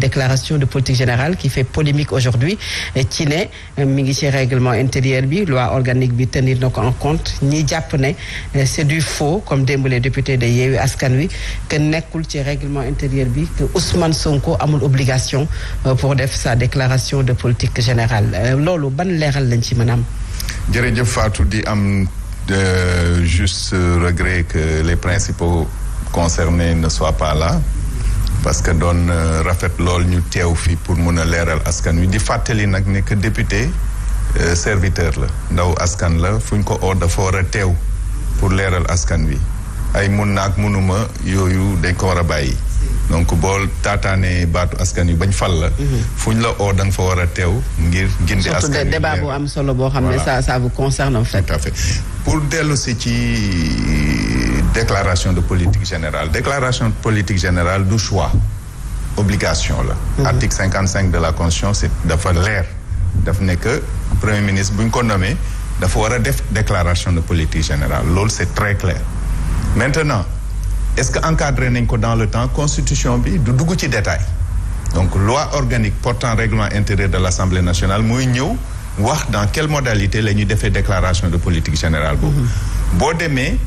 déclaration de politique générale qui fait polémique aujourd'hui ci ne mi ngi ci règlement intérieur bi loi organique bi tenir na ko en compte ñi jàpp ne c'est du faux comme démb les députés de Yewwi Askan Wi que nekkul ci règlement intérieur bi que Ousmane Sonko amul obligation euh, pour def sa déclaration de politique générale euh, loolu ban leeral lañ ci mën am jërëjëf Fatou di am euh, juste regret que les principaux concernés ne soient pas là parce que doon euh, rafet lool ñu teew fii pour mun a leeral askan wi di fàttali nag ne que député euh, serviteur la ndaw askan la fu ñu ko oo dafa war a teew pour leeral askan wi ay mun ak munuma yooyu dañ ko war a bàyyi donc boo taataanee baatu askan wi bañ fal la. Mhm. fu ñu la oo da fa war a teew ngir. gindi askan wi surtout débat bu am solo boo xam ne ça ça vous concerne en ci. déclaration de politique générale déclaration politique générale du choix obligation la mhm. article cinquante cinq de la constitution c'est dafa leer daf ne que premier ministre bu ñu ko nommé dafa war a def déclaration de politique général loolu c'est très clair maintenant est-ce que encadré nañ ko dans le temps constitution bi du dugg ci détail donc loi organique portant règlement intérieur de l'Assemblée nationale mooy ñëw wax dans quelle modalité la ñuy defee déclaration de politique général boobu mhm. boo demee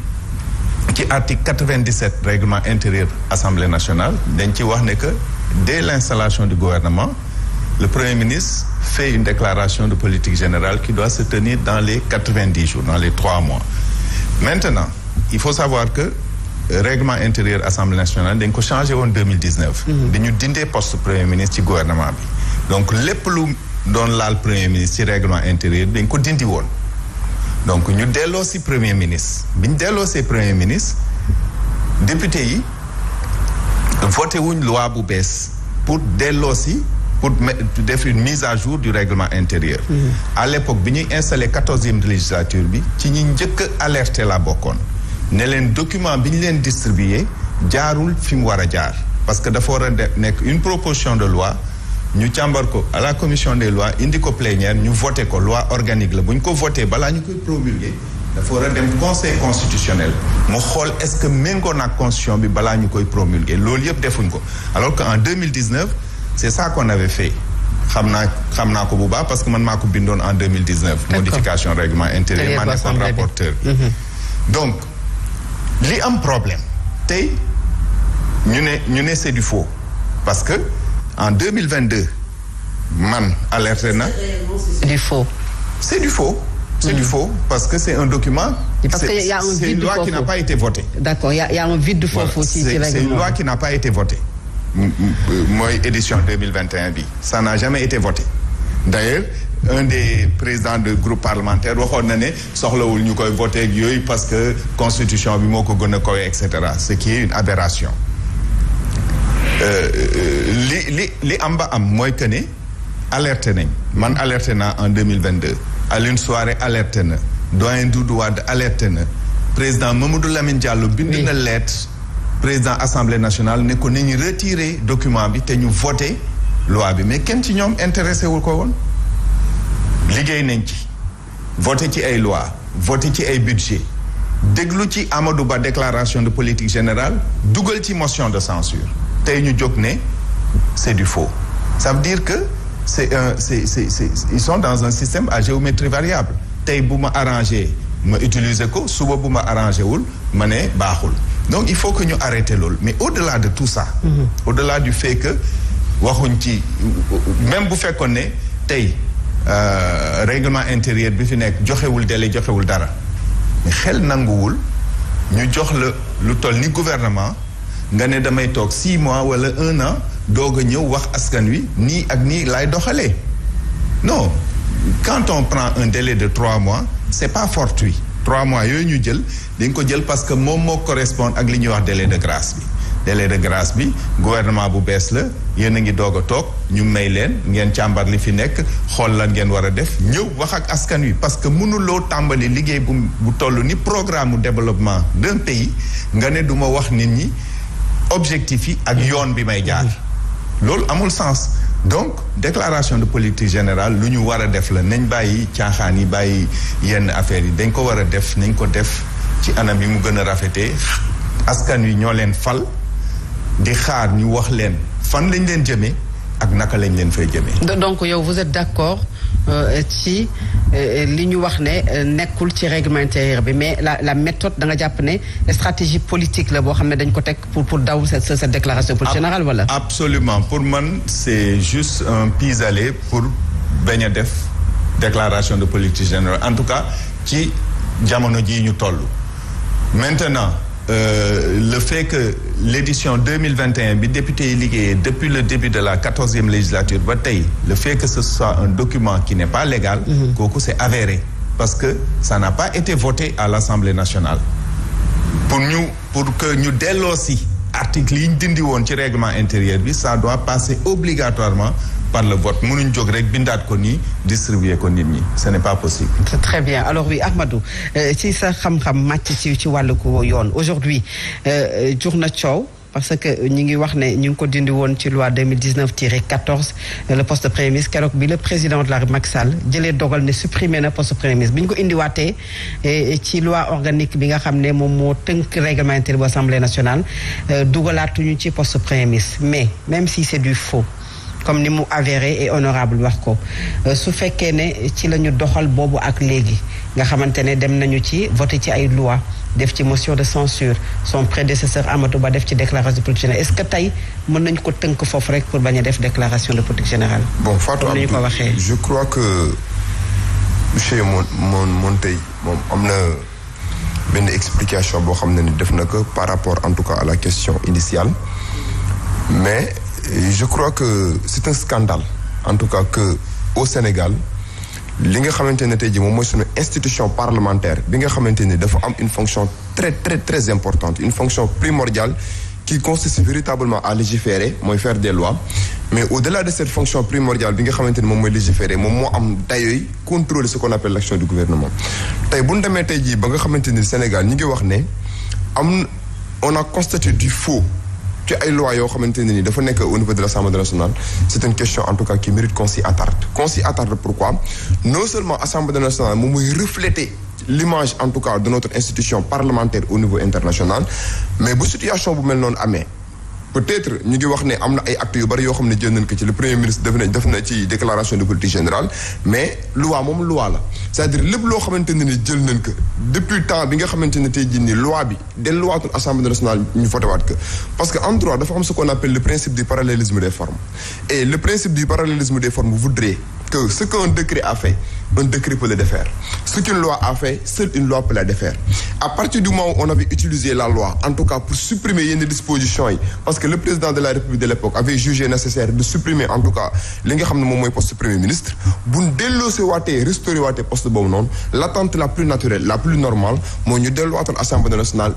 ci article 97 règlement intérieur assemblée nationale dañ ci wax ne que dès l'installation du gouvernement le premier ministre fait une déclaration de politique générale qui doit se tenir dans les 90 jours dans les trois mois maintenant il faut savoir que euh, règlement intérieur assemblée nationale dañ ko changé woon 2019 mhm. dañu dindee poste premier ministre ci gouvernement bi donc lépp lu doon laal premier ministre ci règlement intérieur dañ ko dindi woon donc ñu delloo si premier ministre bi ñu delloo si premier ministre député yi voté wuñ loi bu bees pour delloo si pour def une mise à jour du règlement intérieur mm. à l'époque bi ñuy installé quatorzième législature bi ci ñi njëkk alerté la bokkoon ne leen document bi ñu leen distribué jaarul fi mu war a jaar parce que dafa war a nekk une proposition de loi ñu càmbar ko à la commission des lois indi ko plénière ñu voté ko loi organique la bu ñu ko voté balaa ñu koy promulguer dafa war a dem conseil constitutionnel mu xool est-ce que méngoo na constitution bi balaa ñu koy promulguer loolu yëpp defuñ ko alors que en 2019 c'est ça qu'on fait xam naa xam naa ko bu baax parce que man maa ko bindoon en 2019 modification règlement intérieur maa nekkoon rapporteur mm-hmm. donc li am problème tey ñu ne ñu ne c'est du faux parce que en deux mille vingt deux man alerte na. c'est du faux. c'est du faux. c'est du hmm. faux parce que un document. parce que y a un vide c'est une loi qui n'a pas été votée. y a y a un vide foofu aussi. c'est une loi qui n'a pas été votée. mooy édition deux mille vingt et bi. ça n'a été voté. d'ailleurs un des présidents de groupe parlementaire waxoon na ne soxlawul ñu koy voté ak yooyu parce que constitution bi moo ko gën a koy cetera ce qui est une aberration. Euh, euh, li li li am ba am mooy que ni alerté nañ man alerté naa en deux mille vingt deux Alioune Souaré alerté na doyen Doudou Wade alerté na président Mamadou Lamine Diallo bind na leet président assemblée nationale ne ko nañu retirer document bi te ñu voté loi bi mais kenn ci ñoom intéressé wul ko woon liggéey nañ ci voté ci ay loi voté ci ay budget déglu ci Amadou Ba déclaration de politique générale dugal ci motion de censure tey ñu jóg ne c'est du faut ça veut dire que c'est un c'est c'est c'est ils dans un système à géométrie variable tey bu ma arrangé ma utiliser ko suba bu ma arrangé wul ma ne baaxul donc il faut que ñu arrêter loolu mais au-delà de tout ça mm -hmm. au-delà du fait que waxuñ ci même bu fekkoon ne tey euh, règlement intérieur bi fi nekk joxewul délai joxewul dara xel nanguwul ñu jox la lu toll ni gouvernement nga ne damay toog six mois wala un an doog a ñëw wax askan wi nii ak nii laay doxalee non quand on prend un délai de trois mois c'est pas fortuit trois mois yooyu ñu jël dañ ko jël parce que moom moo correspond ak li ñuy wax délai de grâce bi délai de grâce bi gouvernement bu bees la yéen a ngi doog a toog ñu may leen ngeen càmbar li fi nekk xool lan ngeen war a def ñëw wax ak askan wi parce que mënuloo tàmbali liggéey bu bu toll ni programme développement d'un pays nga ne duma wax nit ñi objectif yi ak yoon bi may jaar loolu amul sens donc déclaration de politique général lu ñu war a def la nañ bàyyi caaxaan yi bàyyi yenn affaires yi dañ ko war a def nañ ko def ci anam yi mu gën a rafetee askan wi ñoo leen fal di xaar ñu wax leen fan lañ leen jëmee ak naka lañ leen fay jëmee. donc yow vous êtes d'accord Euh, ci euh, li ñu wax ne euh, nekkul ci règlement intérieur bi mais la la méthode da nga jàpp ne stratégie politique la boo xam ne dañ ko teg pour pour daw sa cette déclaration politique générale wala. absolument pour man c'est juste un pis-aller pour bañ a def déclaration de politique générale en tout cas ci jamono jii ñu toll maintenant. Euh, le fait que l'édition 2021 bi député yi depuis le début de la quatorzième législature ba tey le fait que ce soit un document qui n'est pas légal mm c'est avéré parce que ça n'a pas été voté à l'Assemblée nationale pour ñu pour que ñu delloosi article yi ñu dindi woon ci règlement intérieur bi ça doit passer obligatoirement par le vote mënuñ jog rek bindaat ko nii distribuer ko nit ñi ce n'est pas possible. très bien alors oui Ahmadou euh, ci sa xam-xam màcc ci ci wàllu yoon aujourd'hui euh, jur na coow. parce que ñu ngi wax ne ñu ngi ko dindi woon ci loi 2019 tiré 14 le poste de premier ministre keroog bi le président de la Macky Sall jëlee dogal ne supprimer na poste premier ministre bi eh, ci loi organique bi nga xam ne moom moo tënk règlement intérieur bu assemblée nationale eh, dugalaatuñu ci poste premier ministre mais même si c'est du faux comme ni mu avéré et honorable wax ko eh, su fekkee ne ci la ñu doxal boobu ak léegi nga xamante ne dem nañu ci voté ci ay loi def ci motion de censure son prédécesseur Amadou Ba def ci déclaration de politique générale est-ce que tey mën nañu ko tënk foofu rek pour bañ a def déclaration de politique générale. bon Fatou Abdou ko waxee. je crois que monsieur Mon Mon Montey moom am na benn explication boo xam ne ni def na ko par rapport en tout cas à la question initiale mais je crois que c'est un scandale en tout cas que au Sénégal. li nga xamante ne tey ji moom mooy suñu institution parlementaire bi nga xamante ni dafa am une fonction très très très importante une fonction primordiale qui consiste véritablement à légiférer mooy faire des lois mais au-delà de cette fonction primordiale bi nga xamante ni moom mooy légiférer moom moo am dayooy contrôler ce qu'on appelle l'action du gouvernement tey bu ñu demee tey jii ba nga xamante ni Sénégal ñi ngi wax ne am on a constaté du ci ay loi yoo xamante ne ni dafa nekk au niveau de l'Assemblée nationale c'est une question en tout cas qui mérite qu'on s'y attarde qu'on s'y attarde pourquoi non seulement Assemblée nationale moom mooy refléter l'image en tout cas de notre institution parlementaire au niveau mais bu situation bu mel noonu amee peut-être ñu ngi wax ne am na ay actes yu bari yoo xam ne jël nañ ci le premier ministre def na ci déclaration de politique générale mais loi moom loi la c'est-à-dire lépp loo xamante ne ni jël nañ ko depuis temps bi nga xamante ne tey jii nii loi bi den luwaatul assemblée nationale ñu fotewaat ko parce que en droit dafa am ce qu'on appelle le principe du parallélisme des formes le principe du parallélisme des formes voudrait que ce qu'un décret a fait un décret peut le défaire ce qu'une loi a fait seule une loi peut la défaire à du moment où on avait utilisé la loi en tout cas pour supprimer yenn dispositions yi parce que le président de la République de l'époque avait jugé nécessaire de supprimer en tout cas li nga xam ne moom mooy poste premier ministre buñ delloose waatee restauré waatee poste boobu noonu l'attente la plus naturelle la plus normale mooy ñu delluwaatal assemblée nationale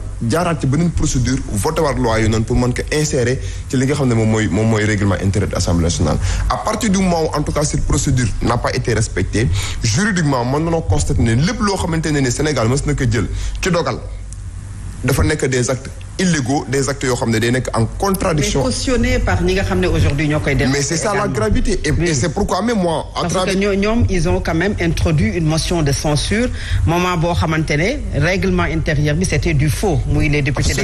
mesure n'a pas été respectée juridiquement mën nañoo constater ne lépp loo xamante ne ni Sénégal mës na ko jël ci dogal dafa nekk des actes illégaux des actes yoo xam ne day nekk en contradiction mais koy def mais c'est ça la gravité et, c'est pourquoi même moi à que ñoom ils ont quand même introduit une motion de censure moment boo xamante ne règlement intérieur bi c'était du faux muy les députés